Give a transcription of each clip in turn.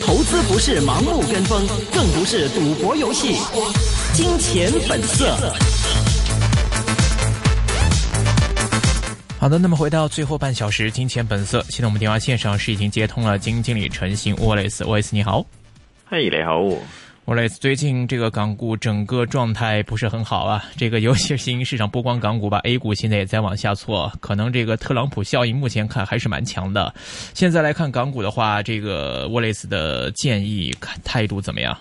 投資不是盲目跟風，更不是賭博遊戲。金錢本色。好的，那麼回到最後半小時，金錢本色。現在我們電話線上是已經接通了，金經理陳昕 Wallace，Wallace 你好，嘿，你好。Hey, Wallace 最近這個港股整個狀態不是很好啊，這個尤其是新興市場，不光港股吧，A 股現在也在往下挫，可能這個特朗普效應目前看還是蠻強的。現在來看港股的話，這個 Wallace 的建議態度怎麼樣？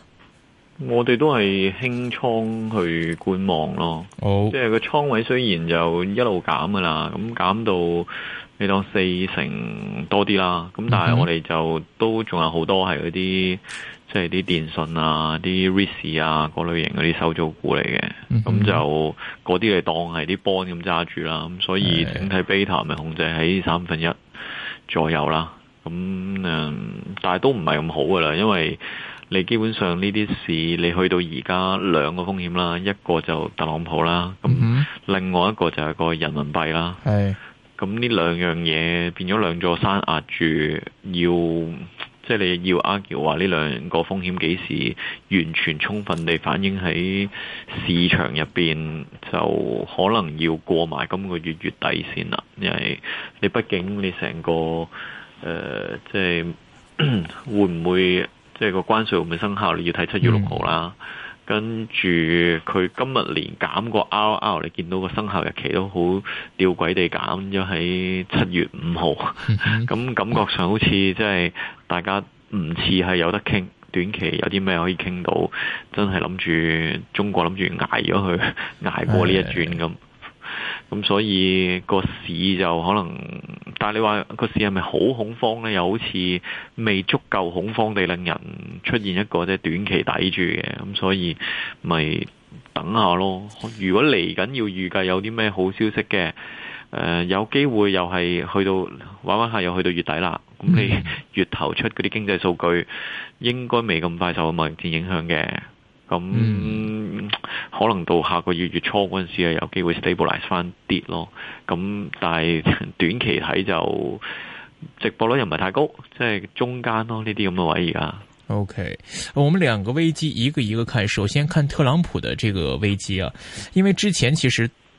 我哋都係輕倉去觀望咯，oh. 即係個倉位雖然就一路減噶啦，咁減到你當四成多啲啦，咁但係我哋就都仲有好多係嗰啲。即係啲電信啊、啲 REITs 啊嗰類型嗰啲收租股嚟嘅，咁、嗯、哼就嗰啲你當係啲 bond 咁揸住啦。咁所以整體 beta 咪控制喺三分一左右啦。咁誒、嗯，但係都唔係咁好嘅啦，因為你基本上呢啲市你去到而家兩個風險啦，一個就特朗普啦，咁另外一個就係個人民幣啦。係咁呢兩樣嘢變咗兩座山壓住要。即係你要 argue 話呢兩個風險幾時完全充分地反映喺市場入邊，就可能要過埋今個月月底先啦。因為你畢竟你成個誒、呃，即係 會唔會即係個關稅會唔會生效，你要睇七月六號啦。嗯跟住佢今日連減個 RR 你見到個生效日期都好吊詭地減咗喺七月五號，咁 感覺上好似即係大家唔似係有得傾，短期有啲咩可以傾到，真係諗住中國諗住挨咗去，挨過呢一轉咁。咁所以個市就可能，但係你話個市係咪好恐慌呢？又好似未足夠恐慌地令人出現一個即係短期抵住嘅，咁所以咪等下咯。如果嚟緊要預計有啲咩好消息嘅，呃，有機會又係去到玩玩下又去到月底啦。咁你月頭出嗰啲經濟數據應該未咁快受貿易戰影響嘅。咁、嗯、可能到下個月月初陣時啊，有機會 stabilize 翻啲咯。咁但係短期睇就值博率又唔係太高，即係中間咯呢啲咁嘅位而家 OK，我們兩個危機一個一個看，首先看特朗普的這個危機啊，因為之前其實。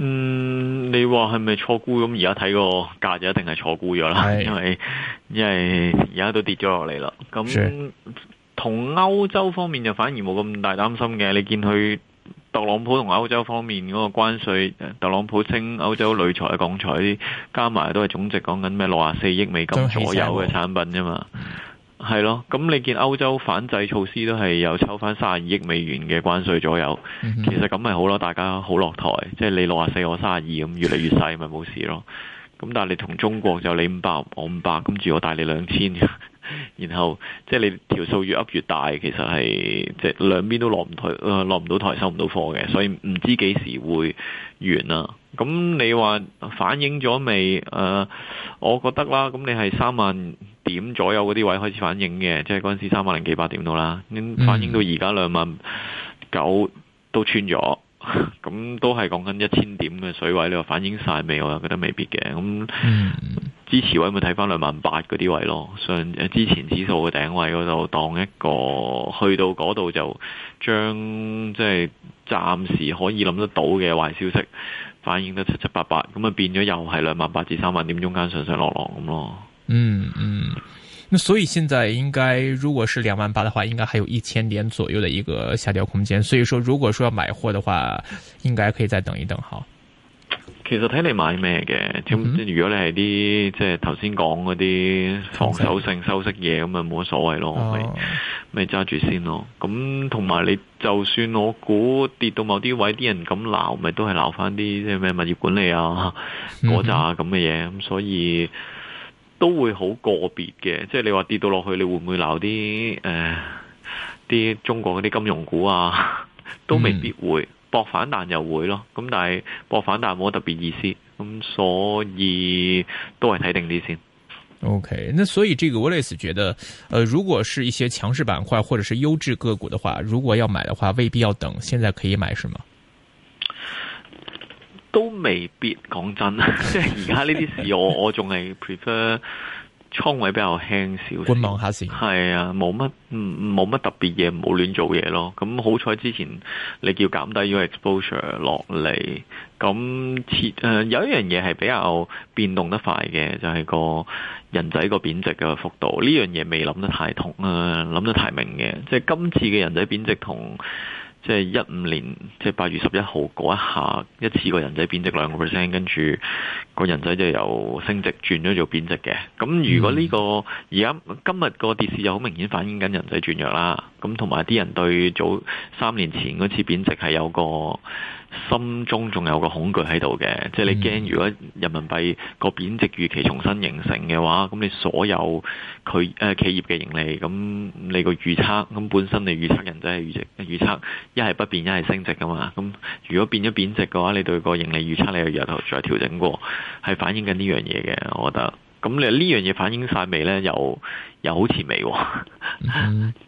嗯，你話係咪錯估咁？而家睇個價就一定係錯估咗啦，是因為因為而家都跌咗落嚟啦。咁同歐洲方面就反而冇咁大擔心嘅。你見佢特朗普同歐洲方面嗰個關稅，特朗普稱歐洲鋁材嘅鋼材加埋都係總值講緊咩六十四億美金左右嘅產品啫嘛。係咯，咁你見歐洲反制措施都係有抽翻卅二億美元嘅關稅左右，mm hmm. 其實咁咪好咯，大家好落台，即係你六啊四，我卅二咁越嚟越細咪冇事咯。咁但係你同中國就你五百，我五百，跟住我大你兩千，然後即係你條數越 up 越大，其實係即係兩邊都落唔台，落唔到台，收唔到貨嘅，所以唔知幾時會完啦。咁你話反映咗未？誒，我覺得啦，咁你係三萬。點左右嗰啲位開始反映嘅，即係嗰陣時三萬零幾百點到啦，反映到而家兩萬九都穿咗，咁、嗯、 都係講緊一千點嘅水位，你話反映晒未？我又覺得未必嘅。咁支持位咪睇翻兩萬八嗰啲位咯，上之前指數嘅頂位嗰度當一個，去到嗰度就將即係暫時可以諗得到嘅壞消息反映得七七八八，咁啊，變咗又係兩萬八至三萬點中間上上落落咁咯。嗯嗯，嗯，所以現在應該，如果是兩萬八的話，應該還有一千點左右的一個下調空間。所以說，如果說要買貨的話，應該可以再等一等哈。其實睇你買咩嘅，咁如果你係啲即係頭先講嗰啲防守性、收息嘢，咁咪、冇乜所謂咯，咪咪揸住先咯。咁同埋你就算我估跌到某啲位，啲人咁鬧，咪都係鬧返啲即係咩物業管理啊、嗰紮啊咁嘅嘢，咁所以。都會好個別嘅，即係你話跌到落去，你會唔會鬧啲誒？啲、呃、中國嗰啲金融股啊， 都未必會博反彈又會咯。咁但係博反彈冇乜特別意思，咁所以都係睇定啲先。OK，那所以這個 Wallace 覺得、呃，如果是一些強勢板塊或者是優質個股的話，如果要買的話，未必要等，現在可以買是嗎？都未必講真，即係而家呢啲事，我我仲係 prefer 倉位比較輕少少，觀望下先。係啊，冇乜，冇乜特別嘢，唔好亂做嘢咯。咁好彩之前你叫減低咗 exposure 落嚟，咁設誒有一樣嘢係比較變動得快嘅，就係個人仔個貶值嘅幅度。呢樣嘢未諗得太通啊，諗得太明嘅，即係今次嘅人仔貶值同。即係一五年，即係八月十一號嗰一下一次個人仔貶值兩個 percent，跟住個人仔就由升值轉咗做貶值嘅。咁如果呢個而家今日個跌市又好明顯反映緊人仔轉弱啦。咁同埋啲人對早三年前嗰次貶值係有個。心中仲有個恐懼喺度嘅，即係你驚如果人民幣個貶值預期重新形成嘅話，咁你所有佢，呃、企業嘅盈利，咁你個預測，咁本身你預測人仔係預值，預測一係不變，一係升值噶嘛。咁如果變咗貶值嘅話，你對個盈利預測你又由頭再調整過，係反映緊呢樣嘢嘅，我覺得。咁你呢樣嘢反映曬未呢？又又好似未，啊？嗯。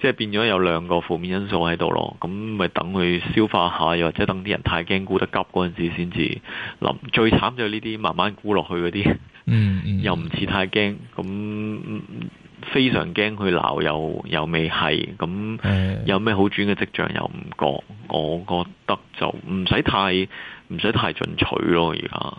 即係變咗有兩個負面因素喺度咯，咁咪等佢消化下，又或者等啲人太驚沽得急嗰陣時先至諗。最慘就係呢啲慢慢沽落去嗰啲，嗯嗯，又唔似太驚，咁非常驚去鬧又又未係，咁有咩好轉嘅跡象又唔覺，我覺得就唔使太唔使太進取咯，而家。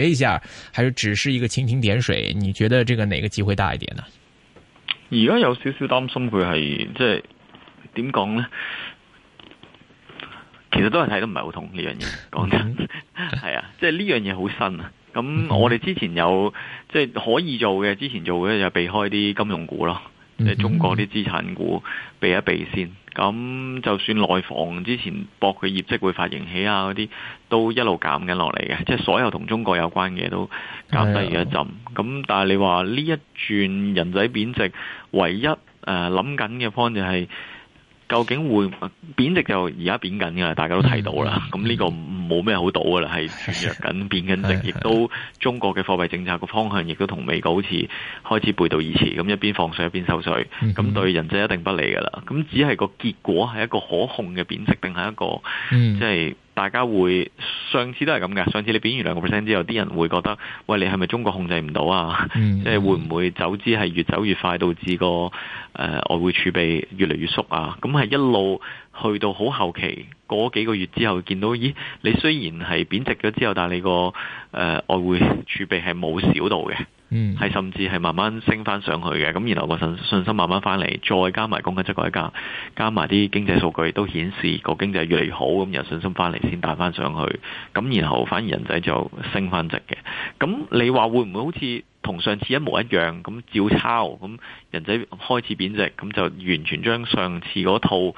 睇一下，還是只是一個蜻蜓點水？你覺得這個哪個機會大一點呢？而家有少少擔心佢係即係點講呢？其實都係睇得唔係好同呢樣嘢，講真係啊！即係呢樣嘢好新啊！咁我哋之前有即係 可以做嘅，之前做嘅就避開啲金融股咯。你、嗯嗯嗯、中國啲資產股避一避先，咁就算內房之前博嘅業績會發型起啊嗰啲，都一路減緊落嚟嘅，即係所有同中國有關嘅都減低咗一陣。咁、哎、呦但係你話呢一轉人仔貶值，唯一誒諗緊嘅 point 就係、是。究竟會貶值就而家貶緊㗎喇，大家都睇到啦。咁呢個冇咩好賭㗎喇，係脆弱緊，貶緊值，亦都中國嘅貨幣政策個方向，亦都同美國好似開始背道而馳。咁一邊放水一邊收水，咁對人質一定不利㗎喇。咁只係個結果係一個可控嘅貶值，定係一個、mm hmm. 即係。大家會上次都係咁嘅。上次你貶完兩個 percent 之後，啲人會覺得喂，你係咪中國控制唔到啊？Mm-hmm. 即係會唔會走資係越走越快，導致個誒、呃、外匯儲備越嚟越縮啊？咁係一路去到好後期嗰幾個月之後，見到咦，你雖然係貶值咗之後，但係你個誒、呃、外匯儲備係冇少到嘅。嗯，係甚至係慢慢升翻上去嘅，咁然後個信信心慢慢翻嚟，再加埋公積金改革加埋啲經濟數據都顯示個經濟越嚟越好，咁有信心翻嚟先帶翻上去，咁然後反而人仔就升翻值嘅。咁你話會唔會好似同上次一模一樣咁照抄咁人仔開始貶值，咁就完全將上次嗰套誒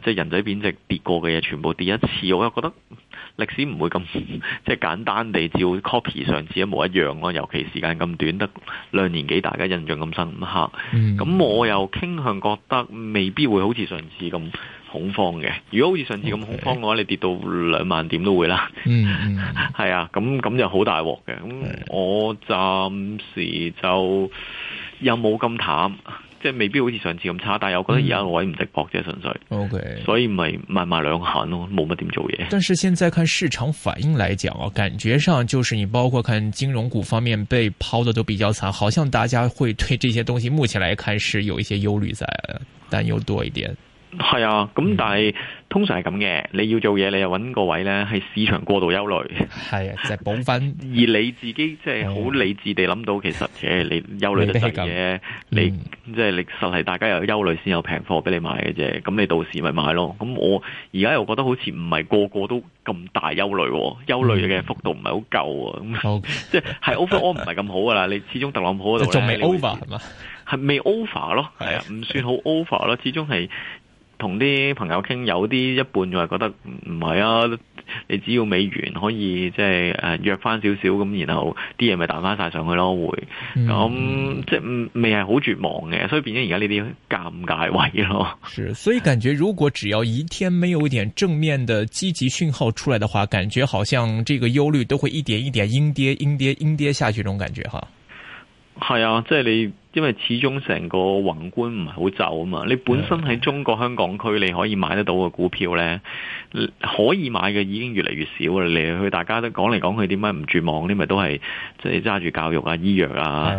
即係人仔貶值跌過嘅嘢全部跌一次，我就覺得。歷史唔會咁即係簡單地照 copy 上次一模一樣咯，尤其時間咁短，得兩年幾，大家印象咁深刻。咁、嗯、我又傾向覺得未必會好似上次咁恐慌嘅。如果好似上次咁恐慌嘅話，你跌到兩萬點都會啦。係、嗯嗯、 啊，咁咁就好大鑊嘅。咁我暫時就又冇咁淡。即係未必好似上次咁差，但係我覺得，得而家個位唔值搏啫，純、嗯、粹。OK，所以咪慢慢兩行咯，冇乜點做嘢。但是現在看市場反應嚟講，感覺上就是你包括看金融股方面被拋得都比較慘，好像大家會對這些東西目前嚟看是有一些憂慮在，擔憂多一點。係、嗯、啊，咁但係。嗯通常係咁嘅，你要做嘢，你又揾個位咧，係市場過度憂慮，係啊，即係補品。就是、而你自己即係好理智地諗到，哦、其實嘅你憂慮嘅你即係，其實係大家有憂慮先有平貨俾你買嘅啫。咁你到時咪買咯。咁我而家又覺得好似唔係個個都咁大憂慮、哦，憂慮嘅幅度唔係好夠啊。好、嗯，即係係 over，我唔係咁好噶啦。你始終特朗普度沒會，仲未 over 係嘛？係未 over 咯，係啊，唔算好 over 咯，始終係。同啲朋友傾，有啲一半就係覺得唔係啊！你只要美元可以即係誒約翻少少咁，然後啲嘢咪彈翻晒上去咯，會咁即係未係好絕望嘅，所以變咗而家呢啲尷尬位咯。係，所以感覺如果只要一天沒有一點正面的積極訊號出來的話，感覺好像這個憂慮都會一點一點陰跌、陰跌、陰跌下去，這種感覺哈。係啊，即係你。因為始終成個宏觀唔係好就啊嘛，你本身喺中國香港區你可以買得到嘅股票呢，可以買嘅已經越嚟越少啦。你去大家都講嚟講去，點解唔絕望啲咪都係即係揸住教育啊、醫藥啊、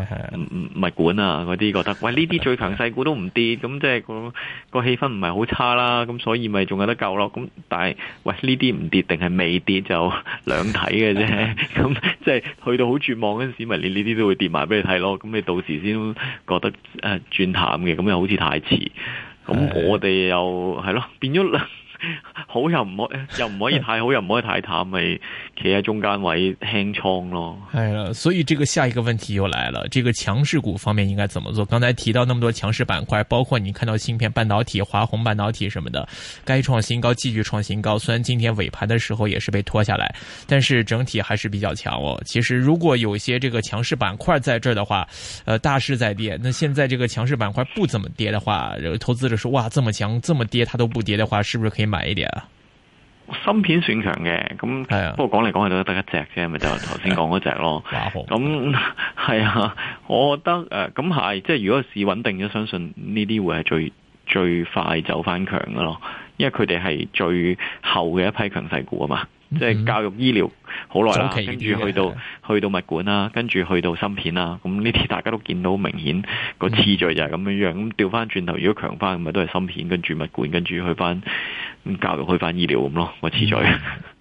物管啊嗰啲，覺得喂，呢啲最強勢股都唔跌，咁即係個個氣氛唔係好差啦，咁所以咪仲有得救咯。咁但係喂，呢啲唔跌定係未跌就兩睇嘅啫。咁即係去到好絕望嗰陣時，咪你呢啲都會跌埋俾你睇咯。咁你到時先。覺得誒轉、呃、淡嘅，咁又好似太遲，咁的我哋又係咯變咗啦。好又唔可又唔可以太好又唔可以太淡，咪企喺中間位，輕倉咯。係啦，所以這個下一個問題又來了，這個強勢股方面應該怎麼做？剛才提到那麼多強勢板塊，包括你看到芯片、半導體、華虹半導體什麼的，該創新高繼續創新高，雖然今天尾盤的時候也是被拖下來，但是整體還是比較強。哦。其實如果有些這個強勢板塊在這的話，呃，大市在跌，那現在這個強勢板塊不怎麼跌的話，投資者說哇，這麼強，這麼跌它都不跌的話，是不是可以買？買啲啊，My 芯片算強嘅，咁 Yeah. 不過講嚟講去都得一隻啫，咪就頭先講嗰隻咯。咁係 啊，我覺得誒，咁、呃、係，即係如果市穩定咗，相信呢啲會係最最快走翻強嘅咯，因為佢哋係最後嘅一批強勢股啊嘛。即係、嗯、教育醫療好耐啦，跟住去到的去到物管啦，跟住去到芯片啦，咁呢啲大家都見到明顯個次序就係咁樣樣。咁調翻轉頭，如果強翻，咪都係芯片跟住物管，跟住去翻教育，去翻醫療咁咯，個次序。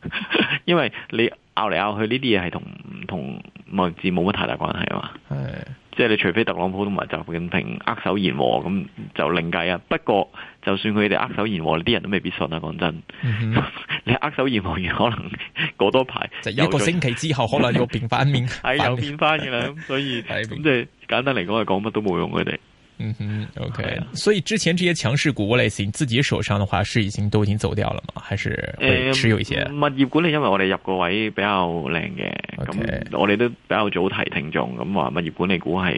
因為你拗嚟拗去，呢啲嘢係同同外資冇乜太大關係啊嘛。的即係你除非特朗普同埋習近平握手言和，咁就另計啊。不過，就算佢哋握手言和，你啲人都未必信啊！講真，嗯、哼 你握手言和完，可能過多排就一個星期之後， 可能又變翻面，係又變翻嘅啦。咁所以咁即係簡單嚟講，係講乜都冇用嘅。嗯哼，OK。所以之前這些強勢股我類型自己手上的話，是已經都已經走掉了嗎？還是持有一些？呃、物業管理因為我哋入個位比較靚嘅，咁 Okay.、嗯、我哋都比較早提聽眾，咁、嗯、話物業管理股係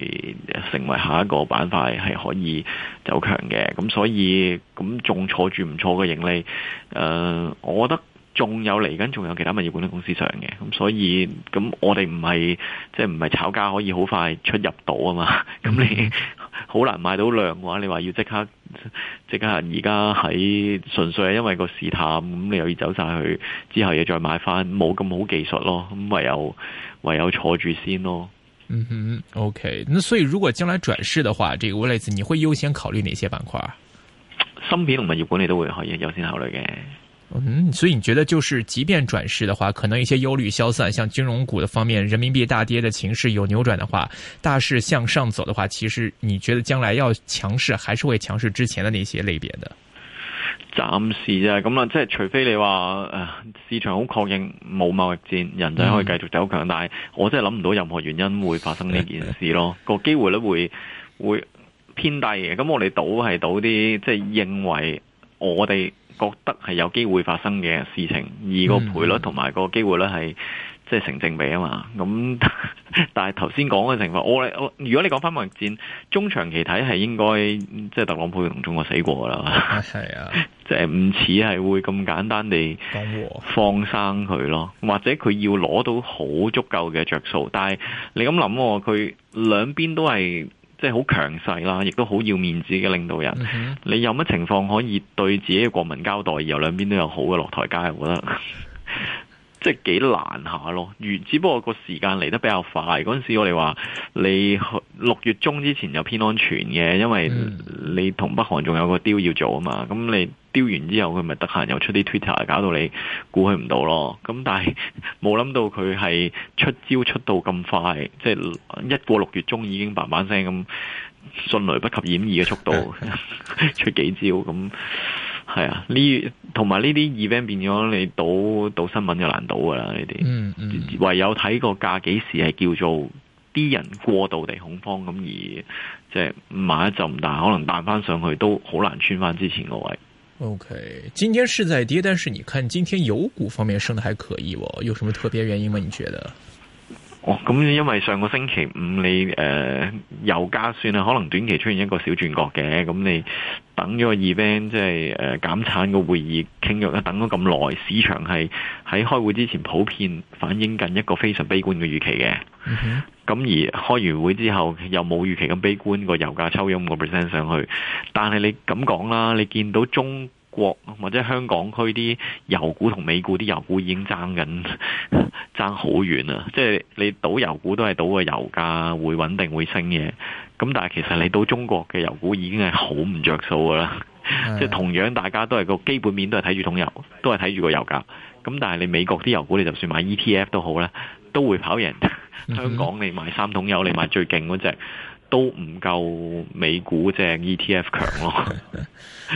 成為下一個板塊係可以走強嘅，咁、嗯、所以咁仲、嗯、坐住唔錯嘅盈利。誒、呃，我覺得仲有嚟緊，仲有其他物業管理公司上嘅，咁、嗯、所以咁、嗯、我哋唔係即係唔係炒家可以好快出入到啊嘛？咁、嗯、你？ 好難買到量嘅話，啊，你話要即刻即刻，而家喺純粹係因為個試探，咁你又要走晒去，之後又要再買翻，冇咁好技術咯，咁唯有唯有坐住先咯。嗯哼，OK。那所以如果將來轉市嘅話，這個類你會優先考慮哪些板塊？芯片同物業管理都會可以優先考慮嘅。嗯，所以你覺得就是，即便轉勢的話，可能一些憂慮消散，像金融股的方面，人民幣大跌的情勢有扭轉的話，大勢向上走的話，其實你覺得將來要強勢，還是會強勢之前的那些類別的？暫時啫，咁啊，即係除非你話，誒、呃，市場好確認冇貿易戰，人仔可以繼續走強，嗯、但係我真係諗唔到任何原因會發生呢件事咯，嗯嗯、個機會咧會會，會偏低嘅，咁我哋賭係賭啲，即係認為我哋。覺得係有機會發生嘅事情，而個賠率同埋個機會率係、嗯、即係成正比啊嘛。咁 但係頭先講嘅情況，我我如果你講翻貿易戰，中長期睇係應該即係特朗普同中國死過啦，係啊，即係唔似係會咁簡單地放生佢咯，或者佢要攞到好足夠嘅着數。但係你咁諗、啊，佢兩邊都係。即係好強勢啦，亦都好要面子嘅領導人。Mm hmm. 你有乜情況可以對自己嘅國民交代，而又兩邊都有好嘅落台階，我覺得 即係幾難下咯。如只不過個時間嚟得比較快，嗰陣時我哋話你六月中之前就偏安全嘅，因為你同北韓仲有個 deal 要做啊嘛。咁你。丟完之後，佢咪得閒又出啲 Twitter，搞到你估佢唔到咯。咁但係冇諗到佢係出招出到咁快，即係一過六月中已經嘭嘭聲咁迅雷不及掩耳嘅速度 出幾招。咁係啊，呢同埋呢啲 event 變咗你賭賭新聞就難賭噶啦。呢啲、嗯嗯、唯有睇個價幾時係叫做啲人過度地恐慌咁，而即係買一陣唔但可能彈翻上去都好難穿翻之前個位。O、okay, K，今天是在跌，但是你看今天油股方面升得還可以喎，哦，有什麼特別原因嗎？你覺得？哦，咁、嗯、因為上個星期五你誒，油、呃、價算啊，可能短期出現一個小轉角嘅，咁、嗯、你。等咗個 event 即係誒減產個會議傾約啦，等咗咁耐，市場係喺開會之前普遍反映緊一個非常悲觀嘅預期嘅。咁、mm hmm. 而開完會之後又冇預期咁悲觀，個油價抽咗五個 percent 上去。但係你咁講啦，你見到中國或者香港區啲油股同美股啲油股已經爭緊爭好遠啊！即係你賭油股都係賭個油價會穩定會升嘅。咁但係其實你到中國嘅油股已經係好唔着數噶啦，即係同樣大家都係個基本面都係睇住桶油，都係睇住個油價。咁但係你美國啲油股，你就算買 ETF 都好咧，都會跑贏 香港。你買三桶油，你買最勁嗰隻，都唔夠美股隻 ETF 強咯，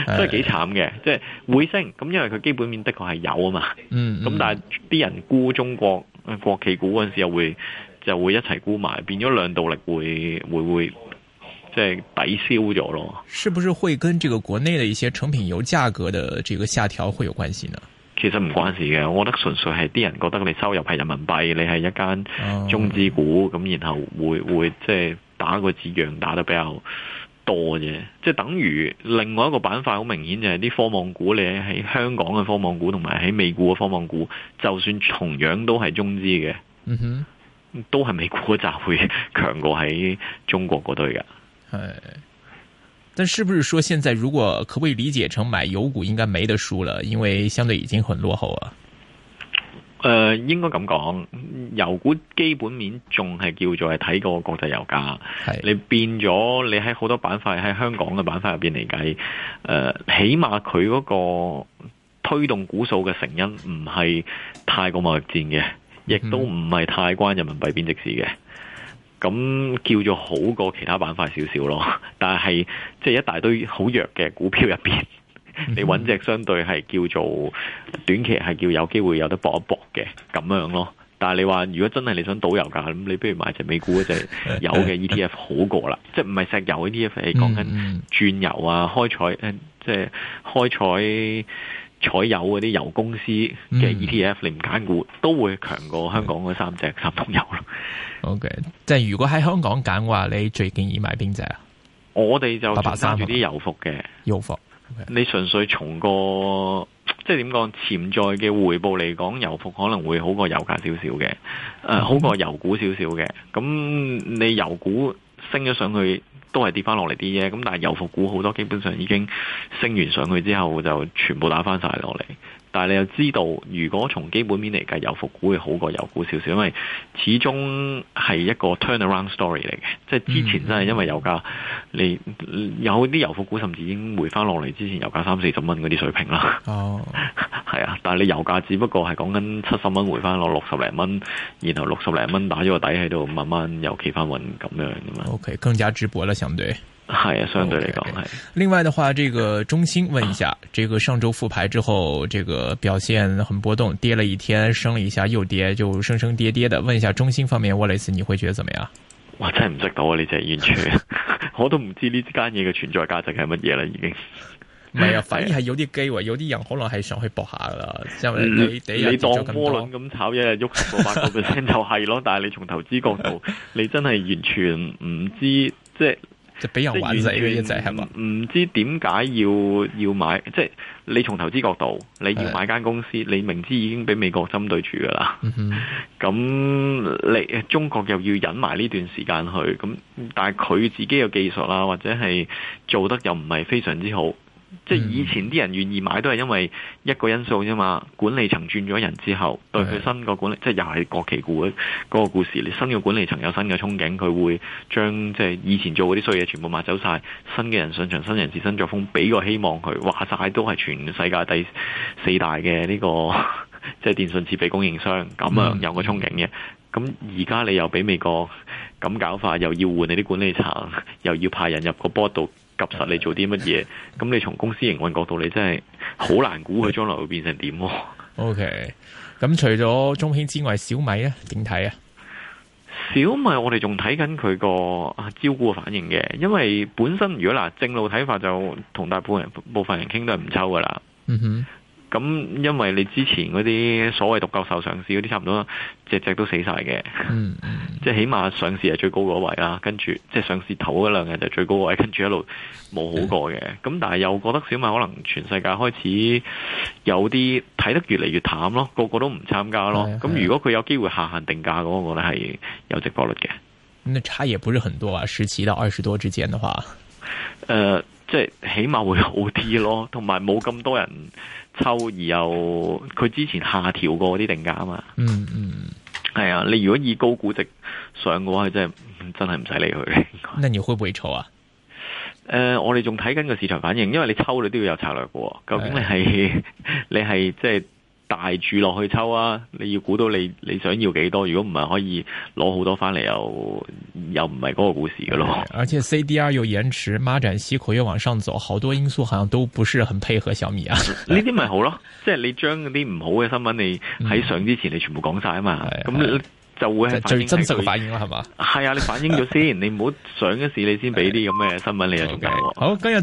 真係幾慘嘅。即係會升，咁因為佢基本面的確係有啊嘛。咁、 嗯嗯、但係啲人估中國國企股嗰陣時又會就會一齊估埋，變咗兩道力會會會。即係抵消咗咯，是不是會跟這個國內的一些成品油價格的這個下調會有關係呢？其實唔關事嘅，我覺得純粹係啲人覺得你收入係人民幣，你係一間中資股，咁、oh. 然後會會即係打個字樣打得比較多嘅，即係等於另外一個板塊好明顯就係啲科網股，你喺香港嘅科網股同埋喺美股嘅科網股，就算同樣都係中資嘅，嗯哼、mm，hmm. 都係美股嗰扎會強過喺中國嗰堆嘅。誒，但是不是說現在如果可唔可以理解成買油股應該沒得輸啦？因為相對已經很落後啦。誒、呃，應該咁講，油股基本面仲係叫做係睇個國際油價。嗯、你變咗，你喺好多板塊喺香港嘅板塊入邊嚟計，誒、呃，起碼佢嗰個推動股數嘅成因唔係太過貿易戰嘅，亦都唔係太關人民幣貶值事嘅。嗯咁叫做好過其他板塊少少咯，但係即係一大堆好弱嘅股票入邊，你揾隻相對係叫做短期係叫有機會有得搏一搏嘅咁樣咯。但係你話如果真係你想賭油價咁，你不如買隻美股一隻有嘅 ETF 好過啦。 即係唔係石油啲嘢，係講緊轉油啊、開採、呃、即係開採。採有嗰啲油公司嘅 ETF，嗯、你唔揀股都會強過香港嗰三隻三桶油咯。OK，即係如果喺香港揀話，你最建議買邊隻啊？我哋們就仲揸住啲油服嘅油服。Okay，你純粹從個即係點講潛在嘅回報嚟講，油服可能會好過油價少少嘅，誒、嗯、呃，好過油股少少嘅。咁你油股？升咗上去都係跌翻落嚟啲嘢，咁但係油服股好多基本上已經升完上去之後就全部打翻晒落嚟。但係你又知道，如果從基本面嚟計，油服股會好過油股少少，因為始終係一個 turnaround story 嚟嘅，即係之前真係因為油價，嗯、你有啲油服股甚至已經回翻落嚟之前油價三四十蚊嗰啲水平啦。哦，係 啊，但係你油價只不過係講緊七十蚊回翻落六十零蚊，然後六十零蚊打咗個底喺度，慢慢又企翻穩咁樣噶嘛。OK，更加值博啦，相對。係啊， 相得嚟噶。Okay, 是另外嘅話，呢、這個中興問一下， 這個上周復牌之後，這個表現很波動，跌了一天，升了一下又跌，就升升跌跌的。問一下中興方面我 a l 你會覺得怎麼樣？我真係唔識到啊，呢隻完全， 我都唔知呢間嘢嘅存在價值係乜嘢啦，已經。唔係啊，反而係有啲機會，有啲人可能係想去搏下噶啦。你你你當波輪咁炒，一日喐八九 percent 就係、是、咯。 但係你從投資角度，你真係完全唔 知，即係。就俾人玩曬呢啲嘢，係嘛住？唔吧知點解要要買，即係你從投資角度，你要買間公司，你明知已經俾美國針對住㗎啦。咁的你中國又要忍埋呢段時間去，咁但係佢自己嘅技術啦，或者係做得又唔係非常之好。即係以前啲人願意買都係因為一個因素啫嘛，管理層轉咗人之後，對佢新個管理，的即係又係國企股嗰個故事，你新嘅管理層有新嘅憧憬，佢會將即係以前做嗰啲衰嘢全部抹走晒，新嘅人上場，新人士新作風俾個希望佢，話晒都係全世界第四大嘅呢，這個 即係電信設備供應商，咁啊有個憧憬嘅，咁而家你又俾美國咁搞法，又要換你啲管理層，又要派人入個波度。及時你做啲乜嘢，咁你從公司營運角度，你真係好難估佢將來會變成點。OK，咁除咗中興之外，小米啊，點睇啊？小米我哋仲睇緊佢個啊招股反應嘅，因為本身如果嗱正路睇法就同大部分人部分人傾都係唔抽噶啦。嗯哼、mm。Hmm. 咁，因為你之前嗰啲所謂獨角獸上市嗰啲，差唔多隻只都死晒嘅、嗯。嗯，即係起碼上市係最高嗰位啦，跟住即係上市頭嗰兩日就最高位，跟住一,一路冇好過嘅。咁、嗯、但係又覺得小米可能全世界開始有啲睇得越嚟越淡咯，個個都唔參加咯。咁、嗯、如果佢有機會下限定價，我我覺得係有值博率嘅、嗯。那差也不是很多啊，十七到二十多之間嘅話，誒、呃，即係起碼會好啲咯，同埋冇咁多人。抽而又佢之前下調過啲定價啊嘛，嗯嗯，係、嗯、啊，你如果以高估值上嘅話，真真係唔使理佢。咁你會不會炒啊？誒、呃，我哋仲睇緊個市場反應，因為你抽你都要有策略嘅，究竟你係 你係即係。就是大注落去抽啊！你要估到你你想要幾多？如果唔係，可以攞好多翻嚟，又又唔係嗰個故事噶咯。而且 CDR 又延遲，孖展息口又往上走，好多因素好像都不是很配合小米啊。呢啲咪好咯？ 即係你將啲唔好嘅新聞，你喺上之前你全部講晒啊嘛。咁、嗯、就會係最真實嘅反應啦，係嘛？係啊，你反映咗先， 你唔好上嗰時你先俾啲咁嘅新聞你啊，好嘅。好，今日。